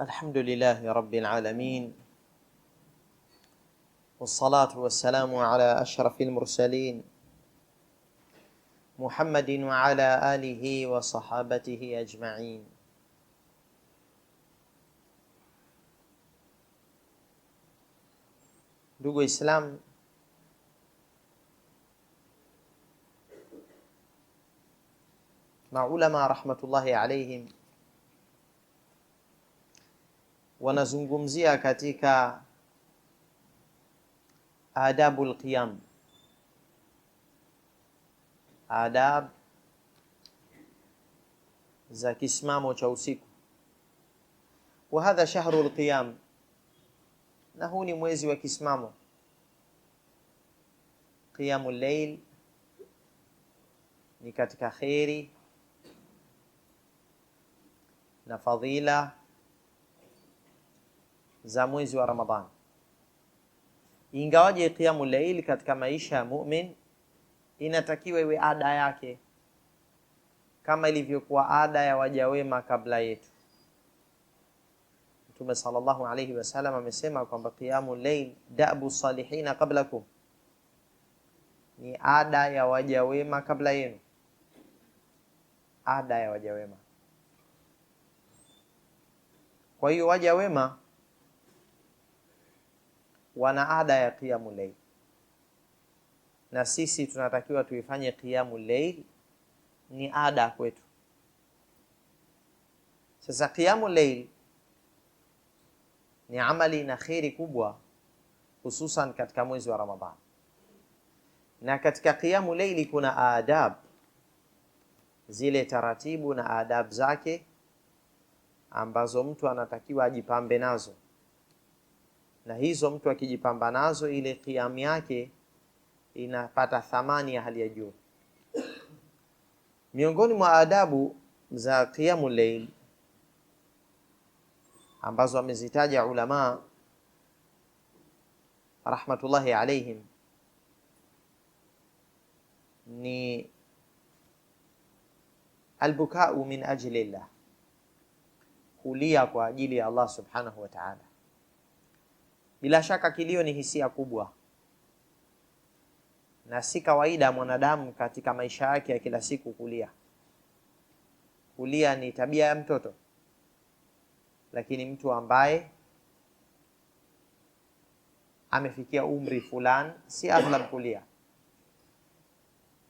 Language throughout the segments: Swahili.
الحمد لله رب العالمين والصلاة والسلام على أشرف المرسلين محمد وعلى آله وصحابته أجمعين دوغو إسلام مع علماء رحمة الله عليهم wanazungumzia katika adabu lqiyam, adab za kisimamo cha usiku. Wa hadha shahru lqiyam, na huu ni mwezi wa kisimamo. Qiyamu llail ni katika kheri na fadhila za mwezi wa Ramadhani. Ingawaje qiyamu laili katika maisha ya mumin inatakiwa iwe ada yake kama ilivyokuwa ada ya waja wema kabla yetu. Mtume sallallahu alayhi wasallam amesema kwamba qiyamu lail dabu salihina qablakum, ni ada ya waja wema kabla yenu, ada ya waja wema. Kwa hiyo waja wema wana ada ya qiyamu layl, na sisi tunatakiwa tuifanye qiyamu layl, ni ada kwetu. Sasa qiyamu layl ni amali na kheri kubwa, hususan katika mwezi wa Ramadhan. Na katika qiyamu leili kuna adab, zile taratibu na adab zake ambazo mtu anatakiwa ajipambe nazo na hizo mtu akijipamba nazo, ile kiamu yake inapata thamani ya hali ya juu. Miongoni mwa adabu za kiamu leil ambazo amezitaja ulama rahmatullahi alaihim ni albukau min ajli llah, kulia kwa ajili ya Allah subhanahu wa ta'ala. Bila shaka kilio ni hisia kubwa na si kawaida mwanadamu katika maisha yake ya kila siku kulia. Kulia ni tabia ya mtoto, lakini mtu ambaye amefikia umri fulani si aghlab kulia,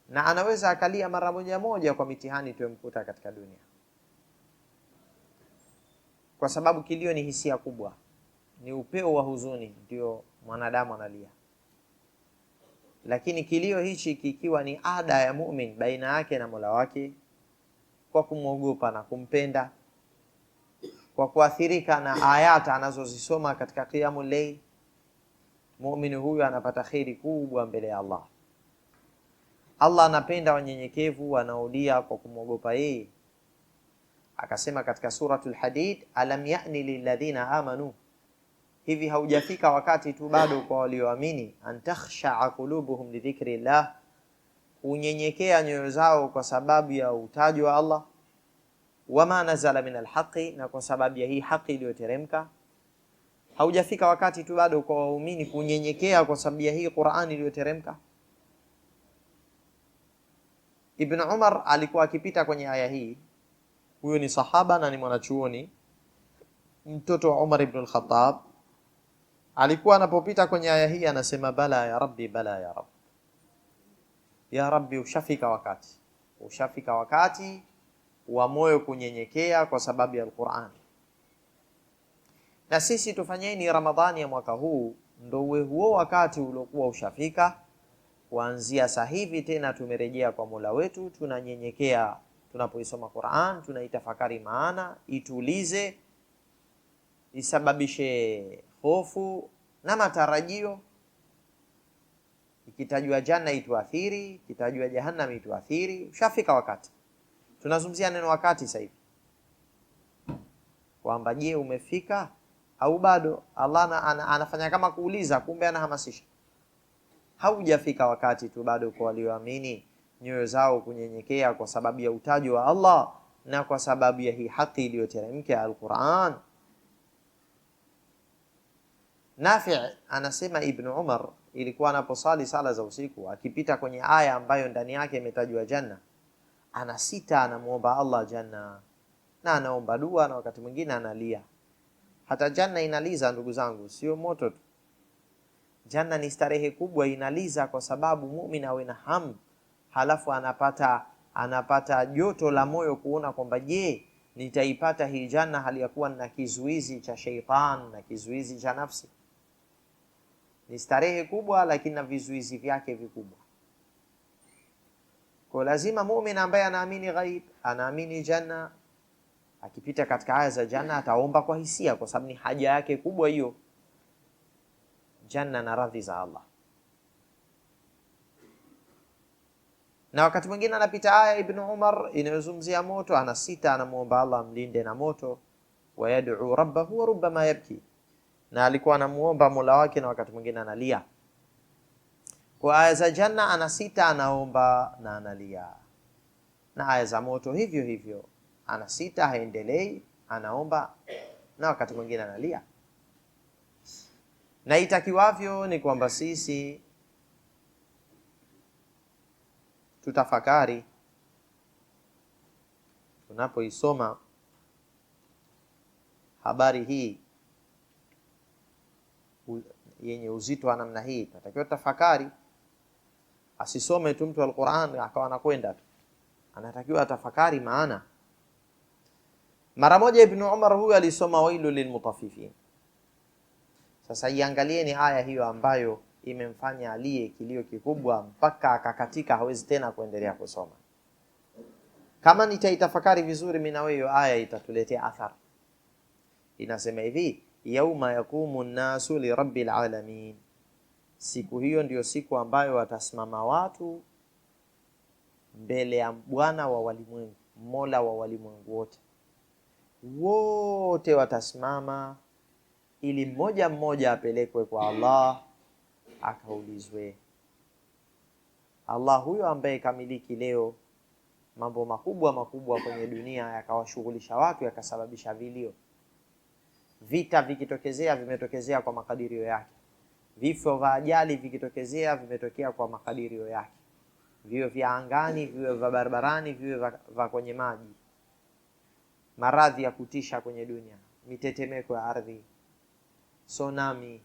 na anaweza akalia mara moja moja kwa mitihani tuemkuta katika dunia, kwa sababu kilio ni hisia kubwa ni upeo wa huzuni, ndio mwanadamu analia. Lakini kilio hichi kikiwa ni ada ya mumin baina yake na Mola wake kwa kumwogopa na kumpenda, kwa kuathirika na ayata anazozisoma katika qiyamul layl, muumini huyu anapata kheri kubwa mbele ya Allah. Allah anapenda wanyenyekevu wanaudia kwa kumwogopa yeye. Akasema katika suratul Hadid, alam yani lilladhina amanu hivi haujafika wakati tu bado kwa walioamini, antakhshaa qulubuhum lidhikri llah, unyenyekea nyoyo zao kwa sababu ya utajo wa Allah, wama nazala min alhaqi, na kwa sababu ya hii haki iliyoteremka. Haujafika wakati tu bado kwa waumini kunyenyekea kwa sababu ya hii Qur'ani iliyoteremka. Ibn Umar alikuwa akipita kwenye aya hii. Huyo ni sahaba na ni mwanachuoni, mtoto wa Umar ibn al-Khattab alikuwa anapopita kwenye aya hii anasema bala ya rabbi, bala ya rabbi, ya rabbi, ushafika wakati, ushafika wakati wa moyo kunyenyekea kwa sababu ya Alquran. Na sisi tufanyeni Ramadhani ya mwaka huu ndo uwe huo wakati uliokuwa ushafika. Kuanzia saa hivi tena tumerejea kwa Mola wetu, tunanyenyekea tunapoisoma Quran, tunaitafakari maana, itulize, isababishe hofu na matarajio. Ikitajwa janna ituathiri, ikitajwa jahannam ituathiri. Ushafika wakati tunazungumzia neno wakati sasa hivi kwamba je, umefika au bado? Allah na, ana, anafanya kama kuuliza, kumbe anahamasisha. Haujafika wakati tu bado kwa walioamini nyoyo zao kunyenyekea kwa sababu ya utajwa wa Allah na kwa sababu ya hii haki iliyoteremka alquran Al-Qur'an. Nafi anasema Ibn Umar ilikuwa anaposali sala za usiku akipita kwenye aya ambayo ndani yake imetajwa janna, anasita, anamuomba Allah janna na anaomba dua, na wakati mwingine analia. Hata janna inaliza, ndugu zangu, sio moto tu. Janna ni starehe kubwa, inaliza kwa sababu muumini awe na hamu, halafu anapata anapata joto la moyo kuona kwamba je, nitaipata hii janna hali ya kuwa na kizuizi cha sheitan na kizuizi cha nafsi ni starehe kubwa, lakini na vizuizi vyake vikubwa. Kwa lazima muumini ambaye anaamini ghaib, anaamini janna, akipita katika aya za janna ataomba kwa hisia, kwa sababu ni haja yake kubwa hiyo, janna na radhi za Allah. Na wakati mwingine anapita aya Ibn Umar inayozungumzia moto, ana sita anamwomba Allah amlinde na moto, wayad'u rabbahu wa rubbama yabki na alikuwa anamuomba Mola wake na wakati mwingine analia. Kwa aya za janna ana sita anaomba na analia, na aya za moto hivyo hivyo, ana sita haendelei, anaomba na wakati mwingine analia. Na itakiwavyo ni kwamba sisi tutafakari tunapoisoma habari hii yenye uzito wa namna hii, tunatakiwa tafakari. Asisome tu mtu Alquran akawa anakwenda tu, anatakiwa atafakari maana. Mara moja Ibn Umar huyu alisoma wailu lilmutaffifin. Sasa iangalieni aya hiyo ambayo imemfanya aliye kilio kikubwa mpaka akakatika, hawezi tena kuendelea kusoma. Kama nitaitafakari vizuri mimi na wewe, aya itatuletea athari. Inasema hivi yauma yakumu nnasu lirabbil alamin, siku hiyo ndiyo siku ambayo watasimama watu mbele ya Bwana wa walimwengu, Mola wa walimwengu wote. Wote watasimama ili mmoja mmoja apelekwe kwa Allah akaulizwe. Allah huyo ambaye kamiliki leo mambo makubwa makubwa kwenye dunia yakawashughulisha watu yakasababisha vilio Vita vikitokezea vimetokezea kwa makadirio yake. Vifo vya ajali vikitokezea vimetokea kwa makadirio yake, viwe vya angani, viwe vya barabarani, viwe vya kwenye maji, maradhi ya kutisha kwenye dunia, mitetemeko ya ardhi, sonami,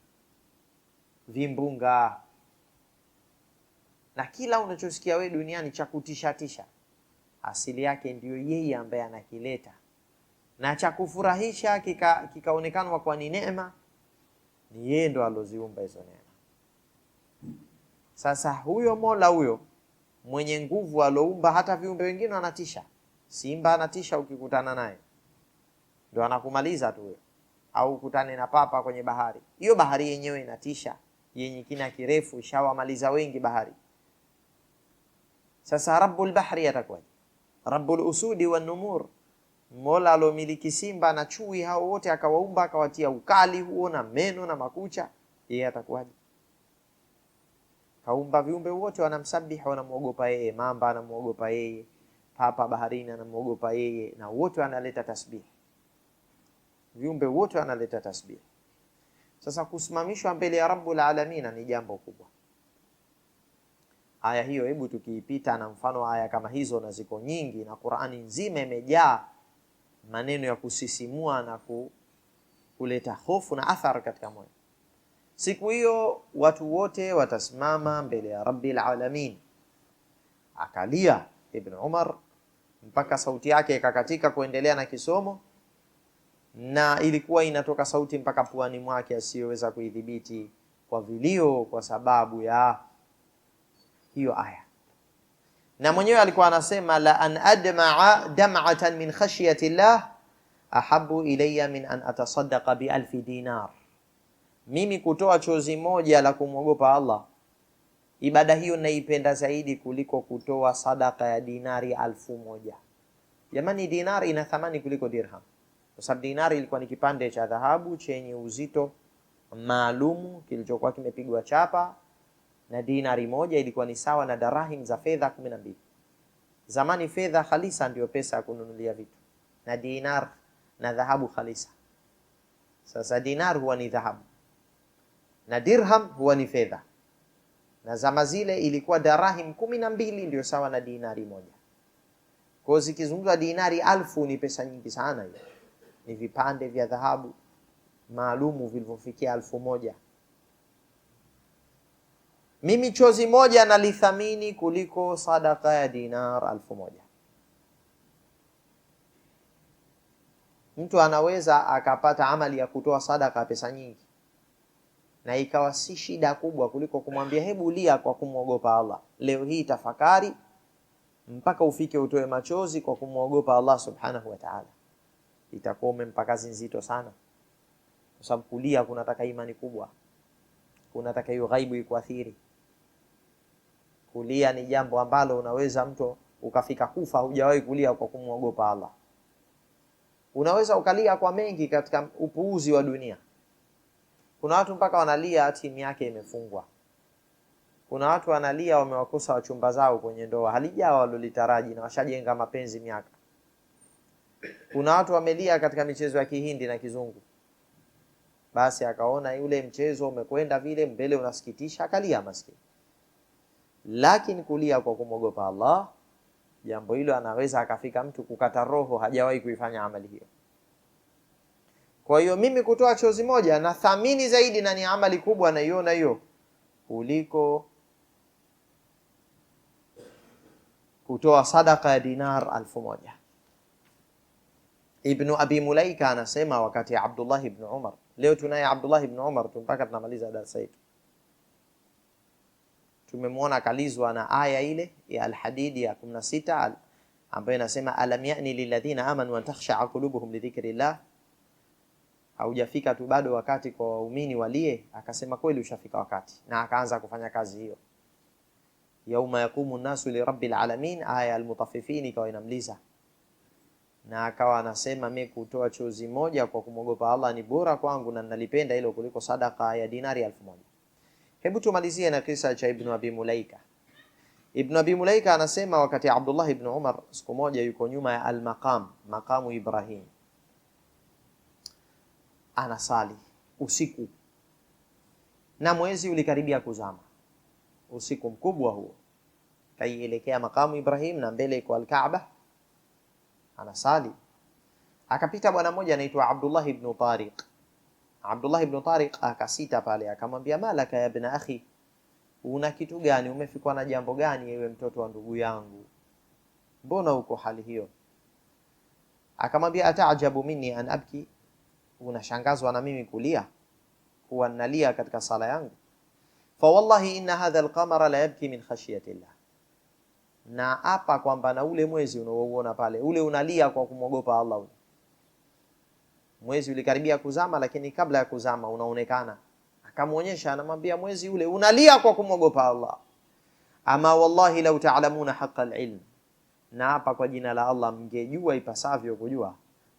vimbunga na kila unachosikia we duniani cha kutishatisha, asili yake ndiyo yeye ambaye anakileta na cha kufurahisha kikaonekanwa kika kwa ni neema, ni yeye ndo aloziumba hizo neema. Sasa huyo mola huyo mwenye nguvu aloumba hata viumbe wengine, anatisha. Simba anatisha, ukikutana naye ndo anakumaliza tu huyo, au ukutane na papa kwenye bahari. Hiyo bahari yenyewe inatisha, yenye kina kirefu, ishawamaliza wengi bahari. Sasa rabbul bahri atakuwaje? Rabbul usudi wan numur Mola alomiliki simba na chui hao wote akawaumba, akawatia ukali huo na meno na makucha, yeye atakuwaje? Kaumba viumbe wote wanamsabiha, wanamwogopa yeye. Mamba anamwogopa yeye, papa baharini anamwogopa yeye, na wote wanaleta tasbih viumbe wote wanaleta tasbih Sasa kusimamishwa mbele ya Rabbul Alamin ni jambo kubwa. Aya hiyo hebu tukiipita, na mfano aya kama hizo na ziko nyingi, na Qur'ani nzima imejaa maneno ya kusisimua na ku, kuleta hofu na athar katika moyo. Siku hiyo watu wote watasimama mbele ya Rabbil Alamin. Akalia Ibn Umar mpaka sauti yake ikakatika kuendelea na kisomo, na ilikuwa inatoka sauti mpaka puani mwake asiyoweza kuidhibiti kwa vilio, kwa sababu ya hiyo aya na mwenyewe alikuwa anasema la an admaa dam'atan min khashyati llah ahabu ilayya min an atasaddaqa bi alfi dinar, mimi kutoa chozi moja la kumwogopa Allah, ibada hiyo naipenda zaidi kuliko kutoa sadaka ya dinari alfu moja. Jamani, dinari ina thamani kuliko dirham, kwa sababu dinari ilikuwa ni kipande cha dhahabu chenye uzito maalumu kilichokuwa kimepigwa chapa na dinari moja ilikuwa ni sawa na darahim za fedha kumi na mbili. Zamani fedha khalisa ndiyo pesa ya kununulia vitu, na dinar na dhahabu khalisa. Sasa dinar huwa ni dhahabu na dirham huwa ni fedha, na zama zile ilikuwa darahim kumi na mbili ndio sawa na dinari moja. Kwa hiyo dinari alfu ni pesa nyingi sana hiyo, ni vipande vya dhahabu maalumu vilivyofikia alfu moja mimi chozi moja nalithamini kuliko sadaka ya dinar alfu moja. Mtu anaweza akapata amali ya kutoa sadaka pesa nyingi na ikawa si shida kubwa kuliko kumwambia hebu lia kwa kumwogopa Allah. Leo hii tafakari mpaka ufike utoe machozi kwa kumwogopa Allah subhanahu wa ta'ala, itakuwa umempa kazi nzito sana, kwa sababu kulia kunataka imani kubwa, kunataka hiyo ghaibu ikuathiri. Kulia ni jambo ambalo unaweza mtu ukafika kufa hujawahi kulia kwa kumwogopa Allah. Unaweza ukalia kwa mengi katika upuuzi wa dunia. Kuna watu mpaka wanalia timu yake imefungwa. Kuna watu wanalia wamewakosa wachumba zao kwenye ndoa, halijao walolitaraji na washajenga mapenzi miaka. Kuna watu wamelia katika michezo ya Kihindi na Kizungu, basi akaona yule mchezo umekwenda vile mbele, unasikitisha, akalia maskini lakini kulia kwa kumwogopa Allah, jambo hilo anaweza akafika mtu kukata roho, hajawahi kuifanya amali hiyo. Kwa hiyo mimi kutoa chozi moja na thamini zaidi, na ni amali kubwa naiona hiyo kuliko kutoa sadaka ya dinar alfu moja. Ibnu Abi Mulaika anasema wakati ya Abdullah ibn Umar, leo tunaye Abdullah ibn Umar tu mpaka tunamaliza darasa yetu tumemwona akalizwa na aya ile ya Alhadidi ya 16 al, ambayo inasema alam yani lilladhina amanu an takhshaa qulubuhum lidhikrillah. Haujafika tu bado wakati kwa waumini walie, akasema kweli ushafika wakati, na akaanza kufanya kazi hiyo. Yauma yakumu nasu li rabbil alamin, aya almutaffifin ikawa inamliza na akawa anasema mimi kutoa chozi moja kwa kumwogopa Allah ni bora kwangu na nalipenda hilo kuliko sadaka ya dinari elfu moja. Hebu tumalizie na kisa cha Ibn Abi Mulaika. Ibn Abi Mulaika anasema wakati Abdullah ibn Umar siku moja yuko nyuma ya al-maqam, maqamu Ibrahim, anasali usiku na mwezi ulikaribia kuzama, usiku mkubwa huo, kaielekea maqamu Ibrahim na mbele iko al-Kaaba, anasali. Akapita bwana mmoja anaitwa Abdullah ibn Tariq Abdullah ibn Tariq akasita ah, pale, akamwambia malaka ya ibn akhi, una kitu gani? Umefikwa na jambo gani, ewe mtoto wa ndugu yangu? Mbona uko hali hiyo? Akamwambia ataajabu minni an abki, unashangazwa na mimi kulia? Huwa nalia katika sala yangu. Fa wallahi inna hadha alqamara la yabki min khashyati llah, na hapa kwamba na ule mwezi unaouona pale ule unalia kwa kumwogopa Allah ule mwezi ulikaribia kuzama, lakini kabla ya kuzama unaonekana. Akamwonyesha, anamwambia mwezi ule unalia kwa kumwogopa Allah. Ama wallahi lau taalamuna haqa alilm, na hapa kwa jina la Allah, mngejua ipasavyo kujua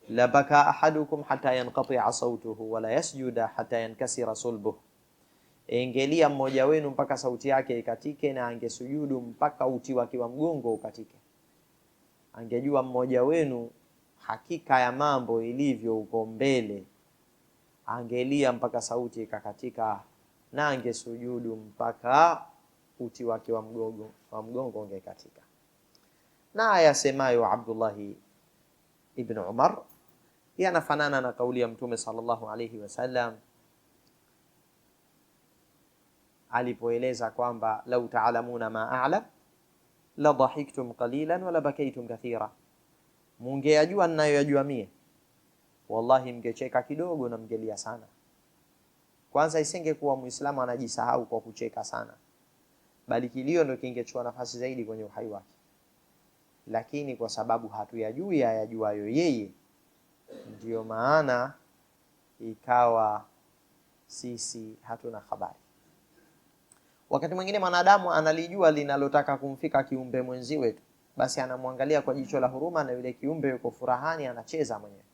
la baka ahadukum hata yanqatia sautuhu wala yasjuda hata yankasira sulbuh, ingelia mmoja wenu mpaka sauti yake ikatike, na angesujudu mpaka uti wake wa mgongo ukatike. Angejua mmoja wenu hakika ya mambo ilivyo huko mbele, angelia mpaka sauti ikakatika, na angesujudu mpaka uti wake wa mgongo wa mgongo ungekatika. Na ayasemayo Abdullahi ibn Umar yanafanana na kauli ya Mtume sallallahu alayhi wasallam alipoeleza kwamba lau taalamuna ma a'lam la dhahiktum qalilan wala bakaitum kathira mungeyajua ninayoyajua mie, wallahi mngecheka kidogo na mgelia sana. Kwanza isingekuwa muislamu anajisahau kwa kucheka sana, bali kilio ndio kingechukua nafasi zaidi kwenye uhai wake. Lakini kwa sababu hatuyajui ayajuayo yeye, ndiyo maana ikawa sisi hatuna habari. Wakati mwingine mwanadamu analijua linalotaka kumfika kiumbe mwenziwetu basi anamwangalia kwa jicho la huruma, na yule kiumbe yuko furahani, anacheza mwenyewe.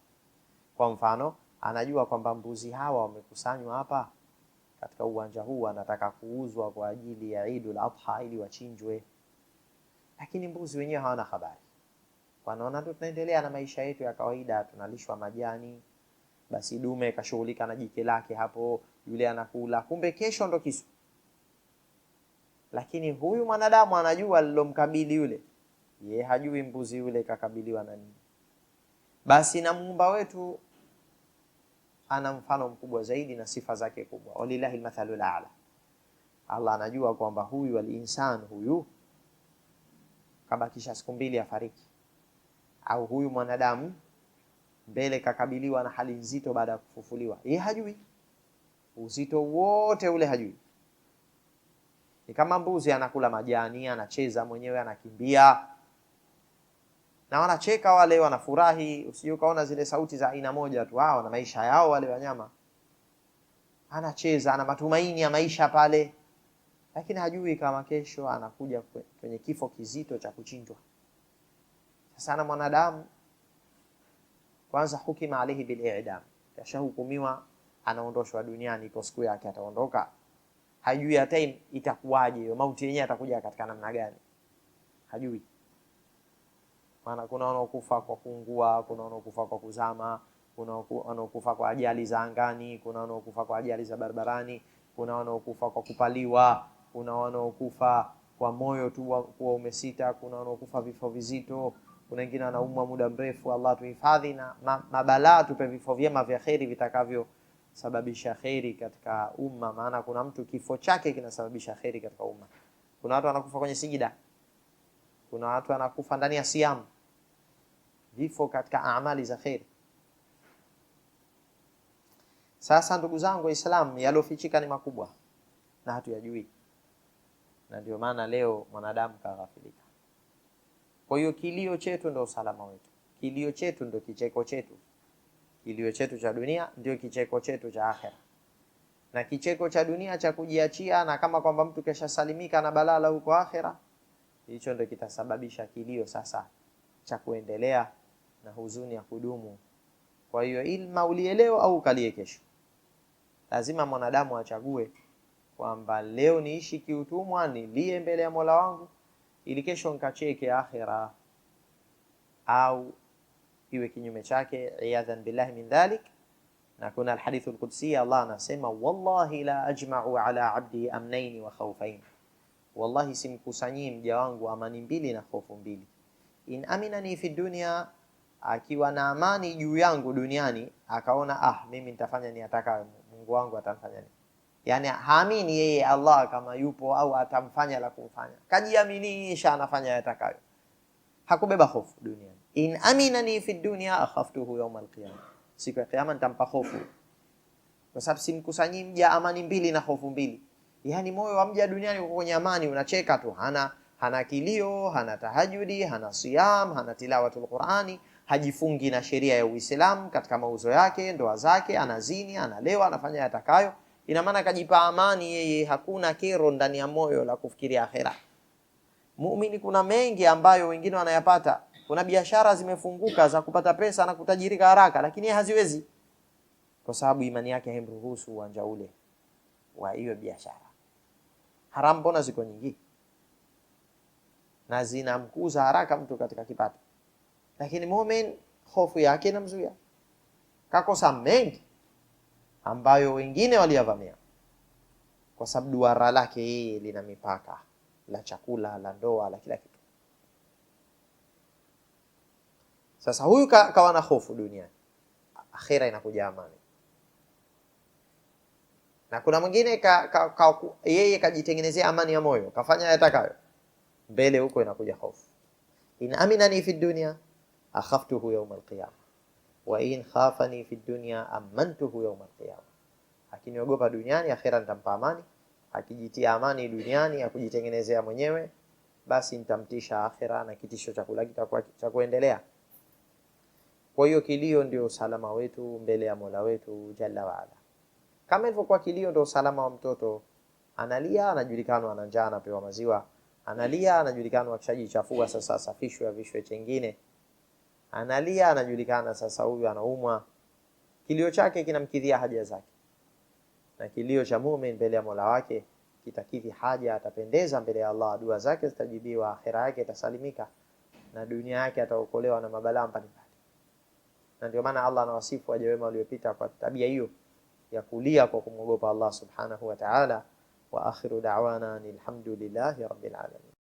Kwa mfano, anajua kwamba mbuzi hawa wamekusanywa hapa katika uwanja huu, anataka kuuzwa kwa ajili ya Idul Adha ili wachinjwe, lakini mbuzi wenyewe hawana habari, wanaona tu tunaendelea na maisha yetu ya kawaida, tunalishwa majani. Basi dume kashughulika na jike lake hapo, yule anakula, kumbe kesho ndo kisu. Lakini huyu mwanadamu anajua lilomkabili yule ye hajui mbuzi yule kakabiliwa na nini. Basi na muumba wetu ana mfano mkubwa zaidi na sifa zake kubwa, walillahi almathalu alala. Allah anajua kwamba huyu alinsan huyu kabakisha siku mbili afariki, au huyu mwanadamu mbele kakabiliwa na hali nzito baada ya kufufuliwa, ye hajui uzito wote ule hajui. Ni kama mbuzi anakula majani, anacheza mwenyewe, anakimbia na wanacheka wale, wanafurahi. Usije ukaona zile sauti za aina moja tu, hao na maisha yao wale wanyama. Anacheza, ana matumaini ya maisha pale, lakini hajui kama kesho anakuja kwenye kifo kizito cha kuchinjwa. Sasa na mwanadamu kwanza, hukima alaihi bil i'dam, kashahukumiwa, anaondoshwa duniani, ipo siku yake ataondoka. Hajui hata itakuwaje, mauti yenyewe atakuja katika namna gani, hajui maana kuna wanaokufa kwa kuungua, kuna wanaokufa kwa kuzama, kuna wanaokufa kwa ajali za angani, kuna wanaokufa kwa ajali za barabarani, kuna wanaokufa kwa kupaliwa, kuna wanaokufa kwa moyo tu kuwa umesita, kuna wanaokufa vifo vizito, kuna wengine wanaumwa muda mrefu. Allah tuhifadhi na, na, na tupe vifo vyema vya kheri sababisha kheri katika umma, maana kuna mtu kifo chake kinasababisha kheri katika umma. Kuna watu wanakufa kwenye sijida, kuna watu wanakufa ndani ya siamu vifo katika amali za kheri. Sasa ndugu zangu islam yaliofichika ni makubwa na hatuyajui, na ndio maana leo mwanadamu kaghafilika. Kwa hiyo kilio chetu ndio usalama wetu, kilio chetu ndio kicheko chetu, kilio chetu cha dunia ndio kicheko chetu cha akhera, na kicheko cha dunia cha kujiachia, na kama kwamba mtu keshasalimika na balala huko akhera, hicho ndio kitasababisha kilio sasa cha kuendelea na huzuni ya kudumu. Kwa hiyo ilma ulie leo au ukalie kesho. Lazima mwanadamu achague kwamba leo niishi kiutumwa, nilie mbele ya Mola wangu ili kesho nikacheke akhira, au iwe kinyume chake, iyadhan billahi min dhalik. Na kuna alhadithu alqudsi, Allah anasema wallahi la ajma'u ala abdi amnaini wa khawfain, wallahi simkusanyii mja wangu amani mbili na hofu mbili. in aminani fi dunya akiwa na amani juu yangu duniani, akaona ah, mimi nitafanya ni ataka Mungu wangu atamfanya nini. Yani haamini yeye Allah kama yupo au atamfanya la kumfanya, kajiaminisha anafanya yatakayo, hakubeba hofu duniani. In aminani fi dunya akhaftuhu yawm alqiyama, siku ya kiyama nitampa hofu, kwa sababu simkusanyii mja amani mbili na hofu mbili. Yani moyo wa mja duniani uko kwenye amani, unacheka tu, hana hana kilio, hana tahajudi, hana siyam, hana tilawatul Qurani hajifungi na sheria ya Uislamu katika mauzo yake, ndoa zake, anazini, analewa, anafanya yatakayo. Ina maana kajipa amani yeye, hakuna kero ndani ya moyo la kufikiria akhera. Muumini kuna mengi ambayo wengine wanayapata. Kuna biashara zimefunguka za kupata pesa na kutajirika haraka, lakini yeye haziwezi kwa sababu imani yake haimruhusu uwanja ule wa hiyo biashara haramu. Mbona ziko nyingi na zinamkuza haraka mtu katika kipato lakini mumin hofu yake inamzuia, kakosa mengi ambayo wengine waliyavamia, kwa sababu duara lake yeye lina mipaka, la chakula, la ndoa, la kila kitu. Sasa huyu kawa na hofu duniani, akhira inakuja amani. Na kuna mwingine ka, ka, ka, yeye kajitengenezea amani ya moyo, kafanya yatakayo, mbele huko inakuja hofu. in aminani fi dunia akhaftuhu yauma alqiyama wa in khafani fi dunya amantuhu yauma alqiyama, akiniogopa duniani akhera nitampa amani, akijitia amani duniani akujitengenezea mwenyewe, basi nitamtisha akhera na kitisho chakula kitakuwa cha kuendelea. Kwa hiyo kilio ndio usalama wetu mbele ya Mola wetu jalla waala, kama ilivyokuwa kilio ndio usalama wa mtoto. Analia anajulikana ana njaa, anapewa maziwa. Analia anajulikana akishajichafua, sasa safishwe, avishwe chengine analia, anajulikana sasa, huyu anaumwa, kilio chake kinamkidhia haja zake, na kilio cha muumini mbele ya mola wake kitakidhi haja, atapendeza mbele ya Allah, dua zake zitajibiwa, akhira yake itasalimika na dunia yake ataokolewa na mabalaa mbalimbali. Na ndio maana Allah anawasifu waja wema waliopita kwa tabia hiyo ya kulia kwa kumwogopa Allah subhanahu wa ta'ala. Wa akhiru da'wana alhamdulillahi rabbil alamin.